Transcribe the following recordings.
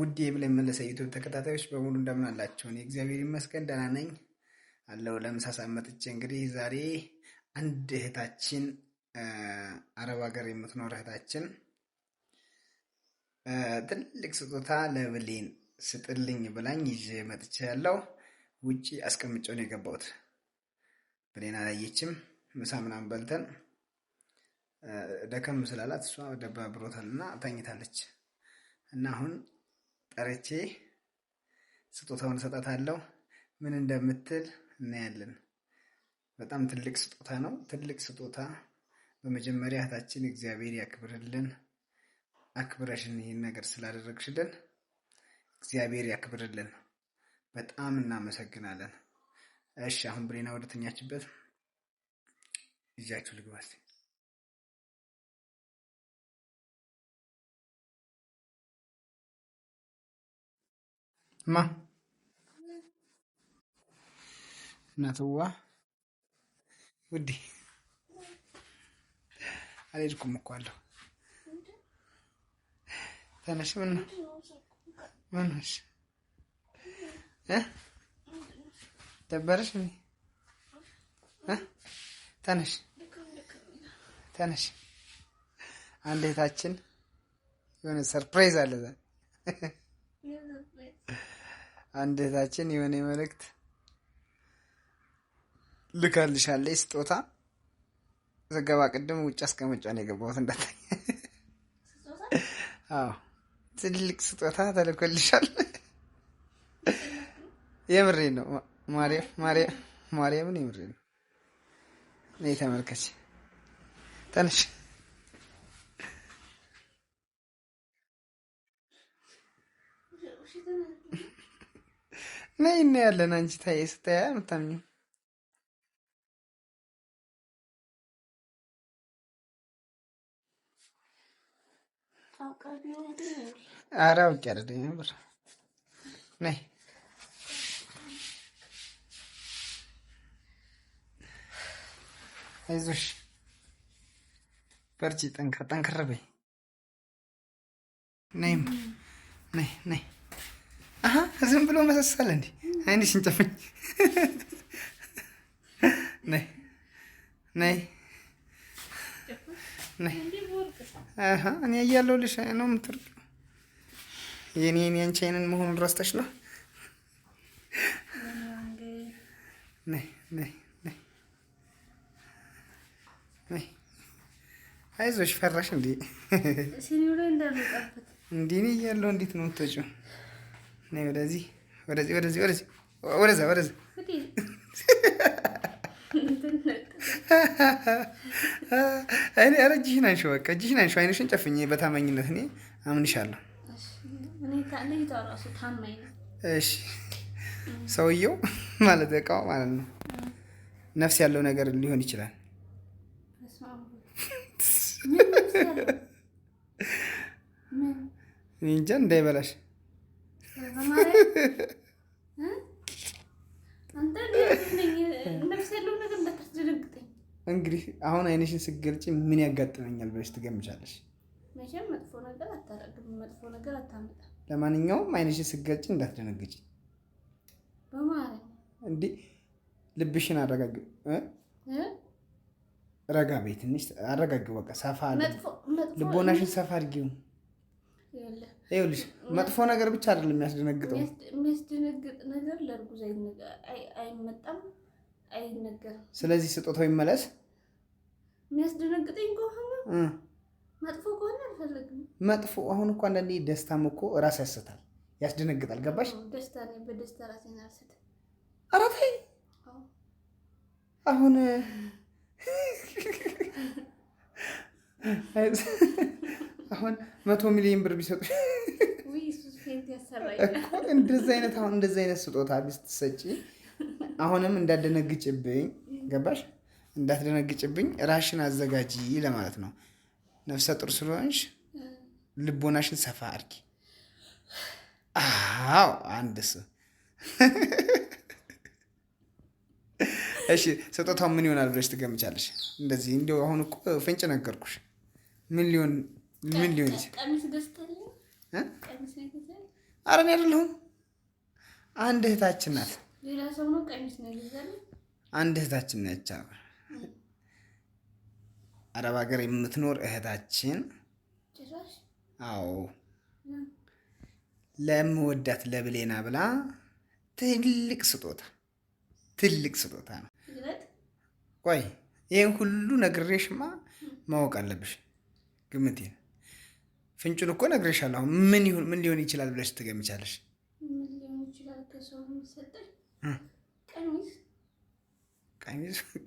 ውድ የብለን መለሰ ዩቱብ ተከታታዮች በሙሉ እንደምን አላችሁ? እኔ እግዚአብሔር ይመስገን ደህና ነኝ አለው። ለምሳሳ መጥቼ እንግዲህ ዛሬ አንድ እህታችን አረብ ሀገር የምትኖር እህታችን ትልቅ ስጦታ ለብሌን ስጥልኝ ብላኝ ይዤ መጥቼ ያለው ውጭ አስቀምጬ ነው የገባሁት። ብሌን አላየችም። ምሳ ምናምን በልተን ደከም ስላላት እሷ ደባብሮታል እና ተኝታለች እና አሁን ጠርቼ ስጦታውን እሰጣታለሁ። ምን እንደምትል እናያለን። በጣም ትልቅ ስጦታ ነው። ትልቅ ስጦታ በመጀመሪያ እህታችን እግዚአብሔር ያክብርልን። አክብረሽን ይህን ነገር ስላደረግሽልን እግዚአብሔር ያክብርልን። በጣም እናመሰግናለን። እሺ አሁን ብሬና ወደተኛችበት ይዣችሁ ልግባስ። ማ እናትዋ ውዴ አልሄድኩም እኮ አለሁ። ተነሽ። ምን ነው ምን ሆንሽ? ደበረሽ? ተነሽ ተነሽ። አንድ እህታችን የሆነ ሰርፕራይዝ አለ ዛሬ አንድ እህታችን የሆነ መልእክት ልካልሻለች ስጦታ ዘገባ ቅድም ውጭ አስቀመጫ ነው የገባሁት እንዳታይ። አዎ ትልቅ ስጦታ ተልኮልሻል። የምሬ ነው ማርያም ማርያምን የምሬ ነው። እኔ ተመልከች ተነሽ ነይ እናያለን አንቺ ታዬ ስታዪ አታምኚም ኧረ አውቄ አይደለኝ ነበር ነይ አይዞሽ በርቺ ጠንክር ጠንክር በይ ነይ ነይ ነይ ዝም ብሎ መሰሳል እንዲ አይንሽ እንጨፍኝ። ነይ ነይ ነይ፣ እኔ እያለሁልሽ ነው የምትወርቅ። የኔ የኔ አንቺ አይንን መሆኑን ረስተሽ ነው። ነይ ነይ ነይ፣ አይዞሽ። ፈራሽ እንዲ እንዲህ እኔ እያለሁ እንዴት ነው የምትወጪው? ወደዚህ ወደዚህ ወደዚህ ወደዚህ ወደዛ ወደዛ እኔ ኧረ እጅሽን አንሺው፣ በቃ እጅሽን አንሺው። አይንሽን ጨፍኝ። በታማኝነት እኔ አምንሻለሁ። እሺ ሰውየው ማለት እቃው ማለት ነው ነፍስ ያለው ነገር ሊሆን ይችላል። እንጃ እንዳይበላሽ እንግዲህ አሁን አይነሽን ስገልጭ ምን ያጋጥመኛል ብለሽ ትገምቻለሽ? ለማንኛውም አይነሽን ስትገልጪ እንዳትደነግጪ። እንዲህ ልብሽን አረጋግ ረጋ በይ ትንሽ አረጋግ። በቃ ሰፋ ልቦናሽን ሰፋ አድርጊው። ይኸውልሽ መጥፎ ነገር ብቻ አይደለም የሚያስደነግጠው፣ የሚያስደነግጥ ነገር ለእርጉዝ አይመጣም አይነገርም። ስለዚህ ስጦታው ይመለስ። የሚያስደነግጠኝ ከሆነ መጥፎ ከሆነ አልፈልግም። መጥፎ አሁን እኮ አንዳንዴ ደስታም እኮ ራስ ያስታል፣ ያስደነግጣል። ገባሽ? ደስታ በደስታ አራት አሁን አሁን መቶ ሚሊዮን ብር ቢሰጡ እኮ እንደዚህ አይነት አሁን እንደዚህ አይነት ስጦታ ብትሰጪ አሁንም እንዳደነግጭብኝ ገባሽ? እንዳትደነግጭብኝ ራሽን አዘጋጂ ለማለት ነው። ነፍሰ ጡር ስለሆንሽ ልቦናሽን ሰፋ አድርጊ። አዎ ስ እሺ ስጦታው ምን ይሆናል ብለሽ ትገምቻለሽ? እንደዚህ እንዲ አሁን እኮ ፍንጭ ነገርኩሽ። ምን ሊሆን ምን ሊሆን አረን እኔ አይደለሁም። አንድ እህታችን ናት። አንድ እህታችን ነች። አረብ ሀገር የምትኖር እህታችን አዎ ለምወዳት ለብሌና ብላ ትልቅ ስጦታ ትልቅ ስጦታ ነው። ቆይ ይህን ሁሉ ነግሬሽማ ማወቅ አለብሽ ግምቴ ፍንጩን እኮ ነግሬሻለሁ። አሁን ምን ይሁን ምን ሊሆን ይችላል ብለሽ ትገምቻለሽ?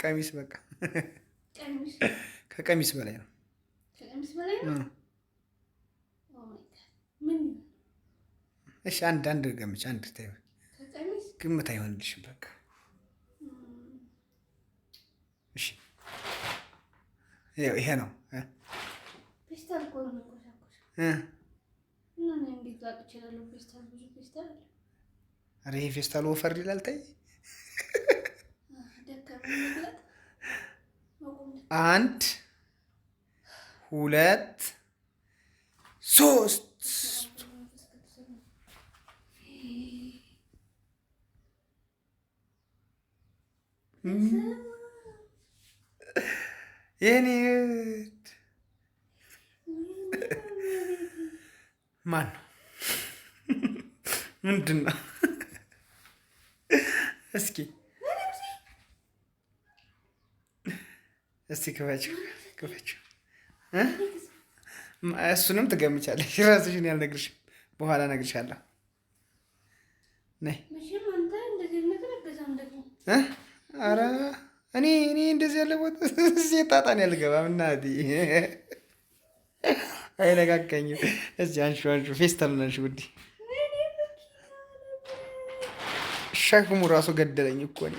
ቀሚስ በቃ ከቀሚስ በላይ ነው። oh እሺ አንድ አንድ ገምች። አንድ ታይ ግምት አይሆንልሽም። በቃ እሺ ይሄ ነው። ኧረ ይሄ ፌስታል ወፈር ይላል። ተይ አንድ ሁለት ሶስት የኔ ማን ነው? ምንድን ነው? እስኪ እስቲ ክፈችው ክፈችው። እሱንም ትገምቻለሽ። ራስሽን ያልነግርሽም በኋላ ነግርሻለሁ። ኧረ እኔ እኔ እንደዚህ ያለ ቦታ ሴት ጣጣን ያልገባ ምናምን አይነጋገኝ እዚህ አንሹ አንሹ፣ ፌስታሉን አንሹ። ውድ ሸክሙ ራሱ ገደለኝ እኮ እኔ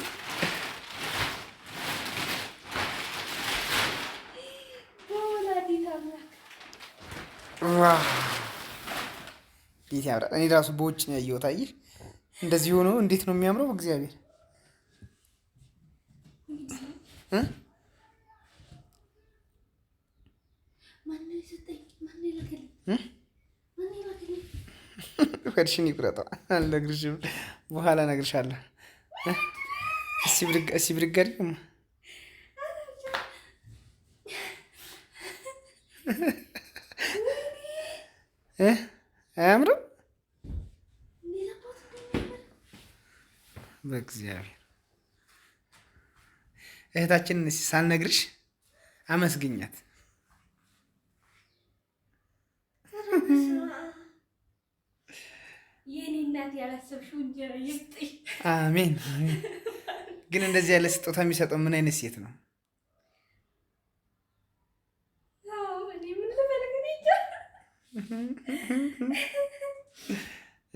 እንዴት ያምራል! እኔ ራሱ በውጭ ነው ያየሁት። አየህ እንደዚህ ሆኖ እንዴት ነው የሚያምረው! እግዚአብሔር ወድሽን ይቁረጠ አልነግርሽም። በኋላ እነግርሻለሁ። እስኪ ብርገሪ አያምርም። በእግዚአብሔር እህታችንን ሳልነግርሽ አመስግኛት። አሜን። ግን እንደዚህ ያለ ስጦታ የሚሰጠው ምን አይነት ሴት ነው?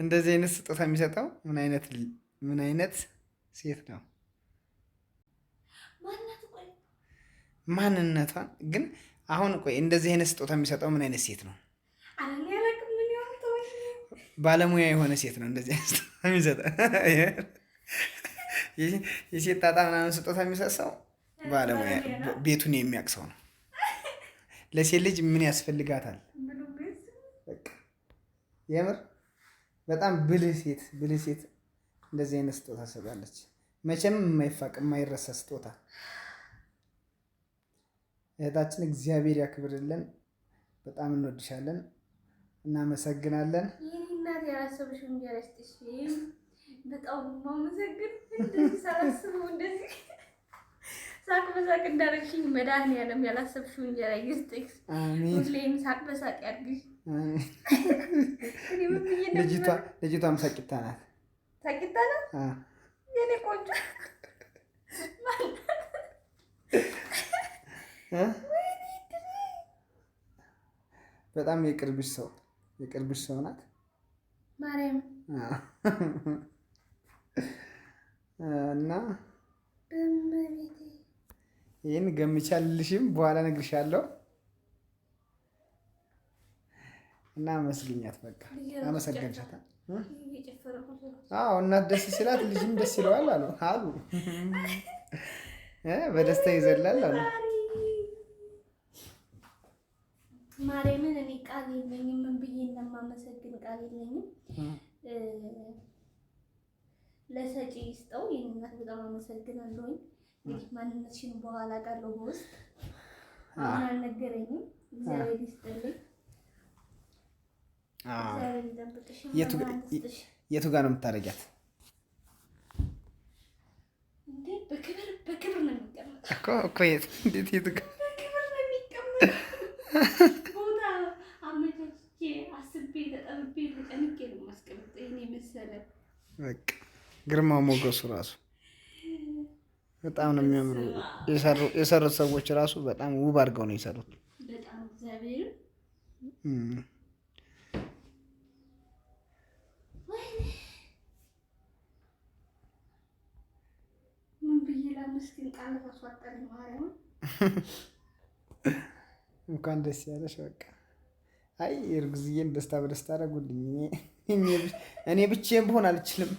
እንደዚህ አይነት ስጦታ የሚሰጠው ምን አይነት ምን አይነት ሴት ነው? ማንነቷን ግን አሁን ቆይ፣ እንደዚህ አይነት ስጦታ የሚሰጠው ምን አይነት ሴት ነው? ባለሙያ የሆነ ሴት ነው እንደዚህ የሚሰጠ የሴት ጣጣ ምናምን ስጦታ የሚሰጥ ሰው ባለሙያ ቤቱን የሚያውቅ ሰው ነው። ለሴት ልጅ ምን ያስፈልጋታል? የምር በጣም ብልህ ሴት ብልህ ሴት እንደዚህ አይነት ስጦታ ሰጣለች። መቼም የማይፋቅ የማይረሳ ስጦታ እህታችን፣ እግዚአብሔር ያክብርልን። በጣም እንወድሻለን። እናመሰግናለን። በጣም ማመሰግን እንደዚህ እንደዚህ ሳቅ በሳቅ እንዳረግሽኝ መድኃኒዓለም ያላሰብሽው እንጀራ ይስጥሽ። ሁሌም ሳቅ በሳቅ ያድርግሽ። ልጅቷም ሳቂታ ናት፣ ሳቂታ ናት የኔ ቆንጆ። በጣም የቅርብሽ ሰው የቅርብሽ ሰው ናት ማርያም እና ይህን ገምቻልሽም በኋላ እነግርሻለሁ። እና አመስግኛት በቃ አመሰገንሻታል። አዎ እናት ደስ ሲላት ልጅም ደስ ይለዋል አሉ አሉ በደስታ ይዘላል አሉ ማርያምን እኔ ቃል የለኝም። ምን ብዬ እንደማመሰግን ቃል የለኝም። ለሰጪ ይስጠው። የእናት በጣም አመሰግናለሁኝ። እንግዲህ ማንነትሽን በኋላ ቃለው በውስጥ አሁን አልነገረኝም። እግዚአብሔር ይስጥልኝ። የቱ ጋር ነው የምታረጊያት? በክብር ነው የሚቀመጥ እኮ እኮ የቱ ጋር በክብር ነው የሚቀመጥ ግርማ ሞገሱ ራሱ በጣም ነው የሚያምሩ። የሰሩት ሰዎች ራሱ በጣም ውብ አድርገው ነው የሰሩት። እንኳን ደስ ያለሽ በቃ አይ እርግዝዬን ደስታ በደስታ አደረጉልኝ። እኔ ብቻዬን ብሆን አልችልም።